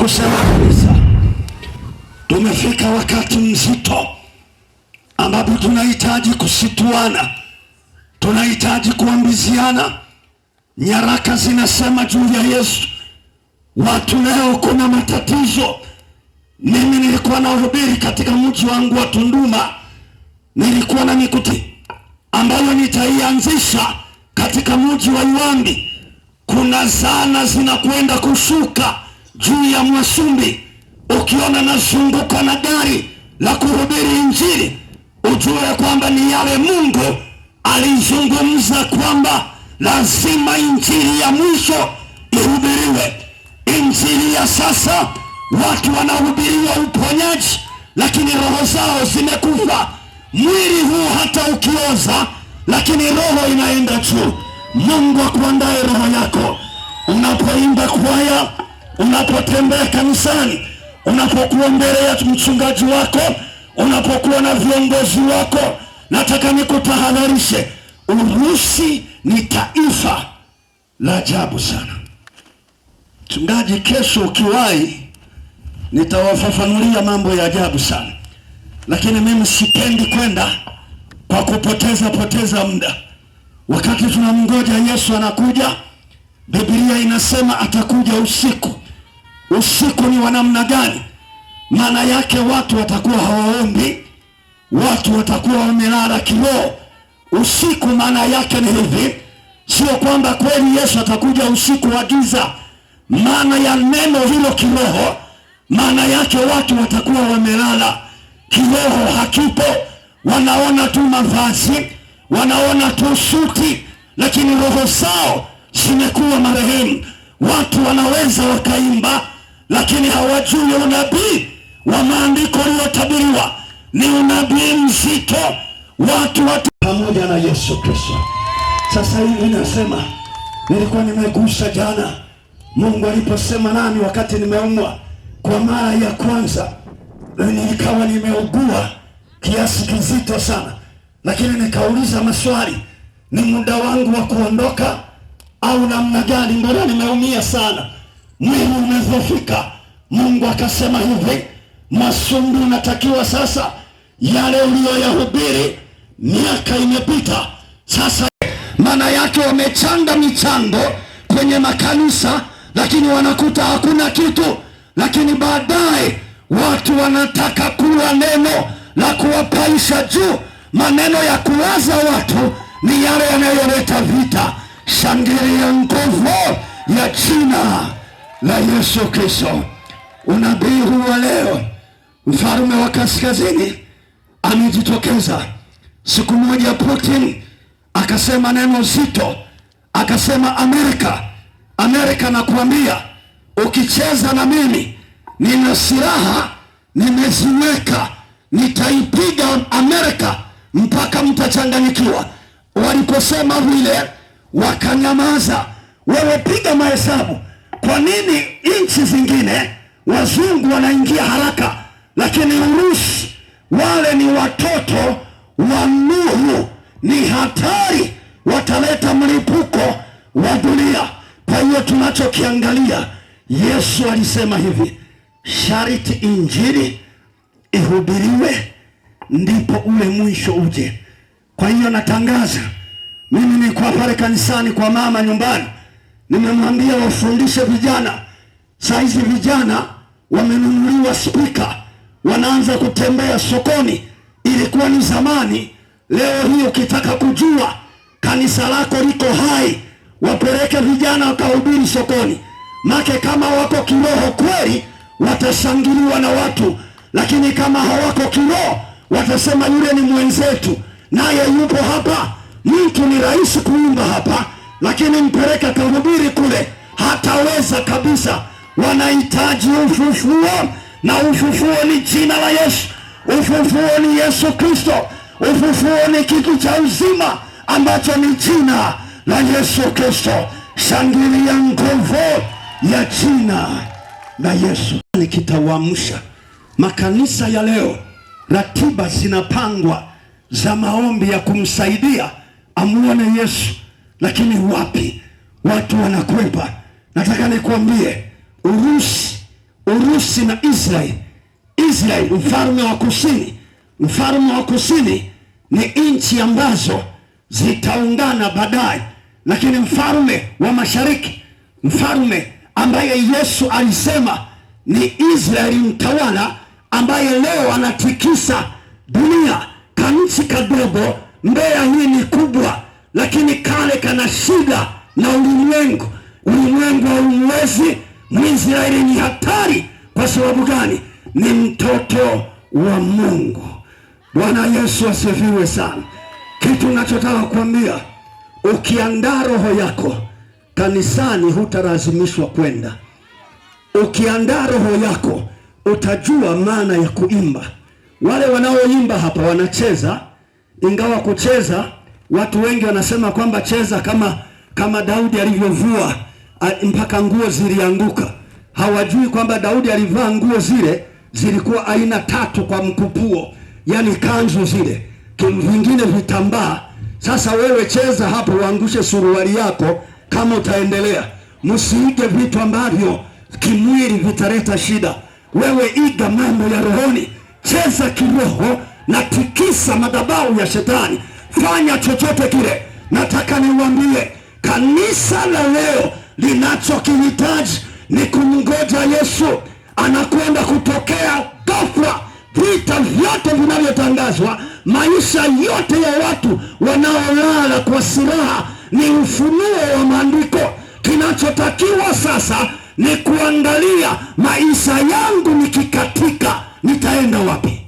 kusema kabisa, tumefika wakati mzito ambapo tunahitaji kusituana, tunahitaji kuambiziana. Nyaraka zinasema juu ya Yesu. Watu leo kuna matatizo. Mimi nilikuwa nahubiri katika mji wangu wa Tunduma, nilikuwa na mikuti ambayo nitaianzisha katika mji wa Iwambi. Kuna zana zinakwenda kushuka juu ya Mwasumbi, ukiona nazunguka na gari la kuhubiri Injili, ujue kwamba ni yale Mungu alizungumza kwamba lazima injili ya mwisho ihubiriwe. Injili ya sasa watu wanahubiriwa uponyaji, lakini roho zao zimekufa. Mwili huu hata ukioza, lakini roho inaenda juu. Mungu akuandaye roho yako unapoimba kwaya unapotembea kanisani, unapokuwa mbele ya mchungaji wako, unapokuwa na viongozi wako, nataka nikutahadharishe. Urusi ni taifa la ajabu sana. Mchungaji, kesho ukiwahi, nitawafafanulia mambo ya ajabu sana, lakini mimi sipendi kwenda kwa kupoteza poteza muda. Wakati tunamngoja Yesu anakuja, Biblia inasema atakuja usiku usiku ni wa namna gani? Maana yake watu watakuwa hawaombi, watu watakuwa wamelala kiroho. Usiku maana yake ni hivi, sio kwamba kweli Yesu atakuja usiku wa giza. Maana ya neno hilo kiroho, maana yake watu watakuwa wamelala kiroho, hakipo. Wanaona tu mavazi, wanaona tu suti, lakini roho zao zimekuwa marehemu. Watu wanaweza wakaimba lakini hawajui unabii wa maandiko uliotabiriwa ni unabii mzito, watu watu pamoja na Yesu Kristo. Sasa hivi nasema, nilikuwa nimegusa jana Mungu aliposema nami wakati nimeumwa kwa mara ya kwanza, nilikawa nimeugua kiasi kizito sana, lakini nikauliza maswali, ni muda wangu wa kuondoka au namna gani? Mbona nimeumia sana? Mungu umedhoofika. Mungu akasema hivi, masumbu unatakiwa sasa, yale uliyoyahubiri miaka imepita sasa. Maana yake wamechanga michango kwenye makanisa, lakini wanakuta hakuna kitu, lakini baadaye watu wanataka kula neno la kuwapaisha juu. Maneno ya kuwaza watu ni yale yanayoleta vita. Shangilia nguvu ya China la Yesu Kristo. Unabii huu wa leo, mfalme wa kaskazini amejitokeza. Siku moja Putin akasema neno zito, akasema Amerika, Amerika nakuambia, ukicheza na mimi, nina silaha nimeziweka, nitaipiga Amerika mpaka mtachanganyikiwa. Waliposema vile wakanyamaza. Wewe piga mahesabu kwa nini nchi zingine wazungu wanaingia haraka, lakini Urusi wale ni watoto wa Nuhu, ni hatari, wataleta mlipuko wa dunia. Kwa hiyo tunachokiangalia, Yesu alisema hivi, shariti injili ihubiriwe ndipo ule mwisho uje. Kwa hiyo natangaza mimi, nikuwa pale kanisani kwa mama nyumbani Nimemwambia wafundishe vijana. hizi vijana wamenunuliwa spika, wanaanza kutembea sokoni. Ilikuwa ni zamani. Leo hii ukitaka kujua kanisa lako liko hai, wapeleke vijana wakahubiri sokoni, make kama wako kiroho kweli watashangiliwa na watu, lakini kama hawako kiroho watasema yule ni mwenzetu, naye yupo hapa. Mtu ni rahisi kuimba hapa lakini mpeleke akahubiri kule, hataweza kabisa. Wanahitaji ufufuo, na ufufuo ni jina la Yesu. Ufufuo ni Yesu Kristo. Ufufuo ni kitu cha uzima ambacho ni jina la Yesu Kristo. Shangilia nguvu ya jina la Yesu. Nikitawamsha makanisa ya leo, ratiba zinapangwa za maombi ya kumsaidia amuone Yesu lakini wapi watu wanakwepa. Nataka nikuambie Urusi Urusi na Israel Israel, mfalme wa kusini, mfalme wa kusini ni nchi ambazo zitaungana baadaye, lakini mfalme wa mashariki, mfalme ambaye Yesu alisema ni Israeli mtawala, ambaye leo anatikisa dunia. Kanchi kadogo, Mbeya hii ni kubwa lakini kale kana shida na ulimwengu, ulimwengu haumwezi Mwisraeli. Ni hatari kwa sababu gani? Ni mtoto wa Mungu. Bwana Yesu asifiwe sana. Kitu nachotaka kuambia, ukiandaa roho yako kanisani, hutalazimishwa kwenda. Ukiandaa roho yako utajua maana ya kuimba. Wale wanaoimba hapa wanacheza, ingawa kucheza Watu wengi wanasema kwamba cheza kama kama Daudi alivyovua mpaka nguo zilianguka. Hawajui kwamba Daudi alivaa nguo zile zilikuwa aina tatu kwa mkupuo, yani kanzu zile, vingine vitambaa. Sasa wewe cheza hapo, uangushe suruali yako kama utaendelea. Msiige vitu ambavyo kimwili vitaleta shida. Wewe iga mambo ya rohoni, cheza kiroho na tikisa madhabahu ya shetani fanya chochote kile. Nataka niwaambie kanisa la leo linachokihitaji ni kumngoja Yesu. Anakwenda kutokea ghafla vita vyote vinavyotangazwa, maisha yote ya watu wanaolala kwa silaha ni ufunuo wa maandiko. Kinachotakiwa sasa ni kuangalia maisha yangu, nikikatika nitaenda wapi?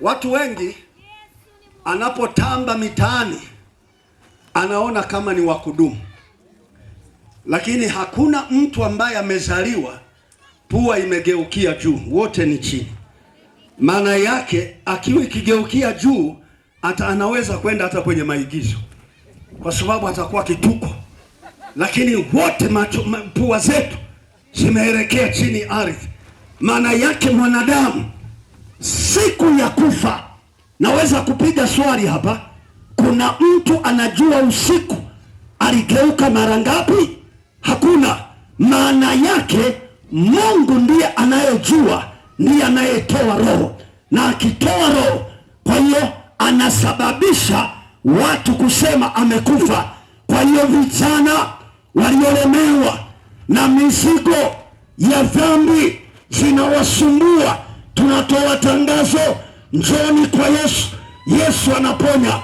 Watu wengi anapotamba mitaani anaona kama ni wakudumu lakini hakuna mtu ambaye amezaliwa pua imegeukia juu, wote ni chini. Maana yake akiwa ikigeukia juu hata anaweza kwenda hata kwenye maigizo, kwa sababu atakuwa kituko. Lakini wote macho, pua zetu zimeelekea chini ardhi. Maana yake mwanadamu siku ya kufa Naweza kupiga swali hapa, kuna mtu anajua usiku aligeuka mara ngapi? Hakuna. Maana yake Mungu ndiye anayejua, ndiye anayetoa roho, na akitoa roho, kwa hiyo anasababisha watu kusema amekufa. Kwa hiyo vijana waliolemewa na mizigo ya dhambi zinawasumbua, tunatoa tangazo Njoni kwa Yesu. Yesu anaponya,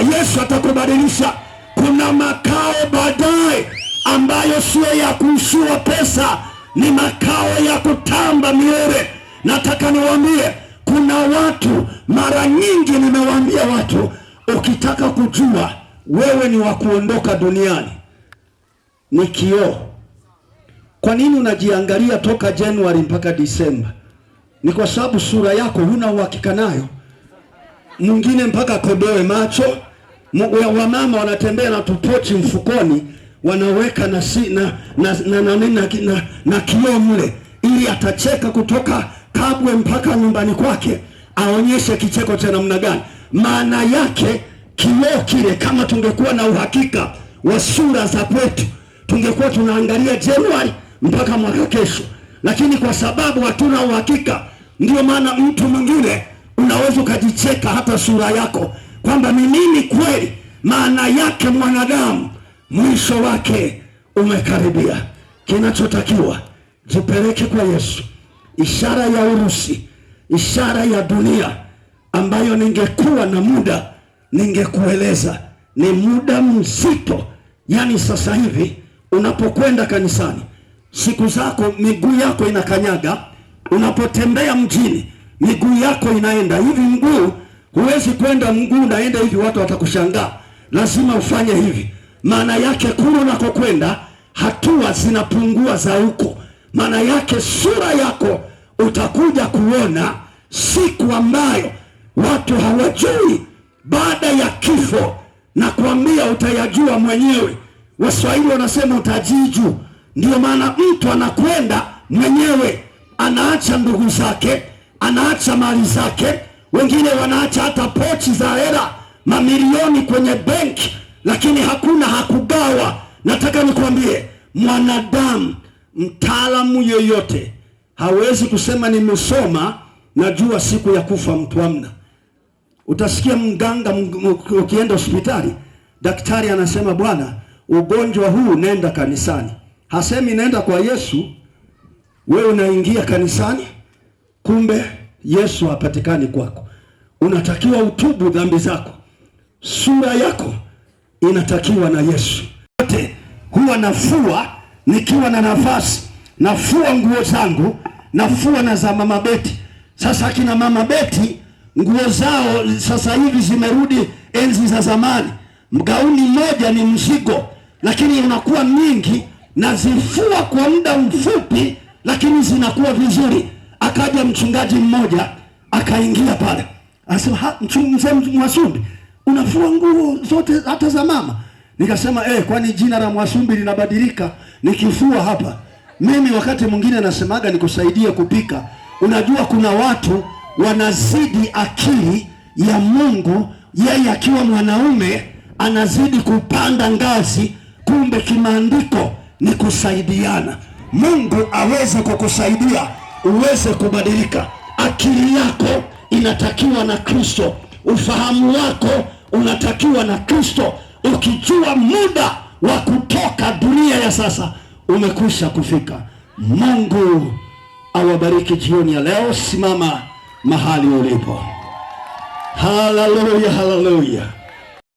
Yesu atakubadilisha. Kuna makao baadaye ambayo sio ya kuishiwa pesa, ni makao ya kutamba milele. Nataka niwaambie, kuna watu, mara nyingi nimewaambia watu, ukitaka kujua wewe ni wa kuondoka duniani ni kioo. Kwa nini unajiangalia toka Januari mpaka Disemba? ni kwa sababu sura yako huna uhakika nayo. Mwingine mpaka kodoe macho. Wamama wanatembea na tupochi mfukoni, wanaweka na na na, na, na, na, na kioo mle, ili atacheka kutoka Kabwe mpaka nyumbani kwake, aonyeshe kicheko cha namna gani. Maana yake kioo kile, kama tungekuwa na uhakika wa sura za kwetu, tungekuwa tunaangalia Januari mpaka mwaka kesho lakini kwa sababu hatuna uhakika, ndio maana mtu mwingine unaweza ukajicheka hata sura yako kwamba ni nini kweli maana yake. Mwanadamu mwisho wake umekaribia. Kinachotakiwa jipeleke kwa Yesu, ishara ya urusi, ishara ya dunia ambayo ningekuwa na muda ningekueleza. Ni muda mzito, yaani sasa hivi unapokwenda kanisani siku zako, miguu yako inakanyaga. Unapotembea mjini, miguu yako inaenda hivi. Mguu huwezi kwenda, mguu unaenda hivi, watu watakushangaa. Lazima ufanye hivi. Maana yake kule unakokwenda hatua zinapungua za huko. Maana yake sura yako utakuja kuona siku ambayo watu hawajui baada ya kifo, na kuambia utayajua mwenyewe. Waswahili wanasema utajiju ndio maana mtu anakwenda mwenyewe, anaacha ndugu zake, anaacha mali zake, wengine wanaacha hata pochi za hela, mamilioni kwenye benki, lakini hakuna hakugawa. Nataka nikwambie, mwanadamu mtaalamu yoyote hawezi kusema nimesoma, najua siku ya kufa mtu amna. Utasikia mganga, ukienda hospitali, daktari anasema bwana, ugonjwa huu nenda kanisani Hasemi naenda kwa Yesu, wewe unaingia kanisani, kumbe Yesu hapatikani kwako. Unatakiwa utubu dhambi zako, sura yako inatakiwa na Yesu. Wote huwa nafua nikiwa na nafasi, nafua nguo zangu, nafua na za mama Beti. Sasa akina mama Beti nguo zao sasa hivi zimerudi enzi za zamani. Gauni moja ni mzigo, lakini unakuwa mingi nazifua kwa muda mfupi, lakini zinakuwa vizuri. Akaja mchungaji mmoja akaingia pale, anasema Mwasumbi, unafua nguo zote hata za mama? Nikasema eh, kwani jina la Mwasumbi linabadilika nikifua hapa? Mimi wakati mwingine nasemaga nikusaidie kupika. Unajua kuna watu wanazidi akili ya Mungu, yeye akiwa mwanaume anazidi kupanda ngazi, kumbe kimaandiko ni kusaidiana. Mungu aweze kukusaidia uweze kubadilika. Akili yako inatakiwa na Kristo, ufahamu wako unatakiwa na Kristo, ukijua muda wa kutoka dunia ya sasa umekwisha kufika. Mungu awabariki jioni ya leo. Simama mahali ulipo. Haleluya, haleluya.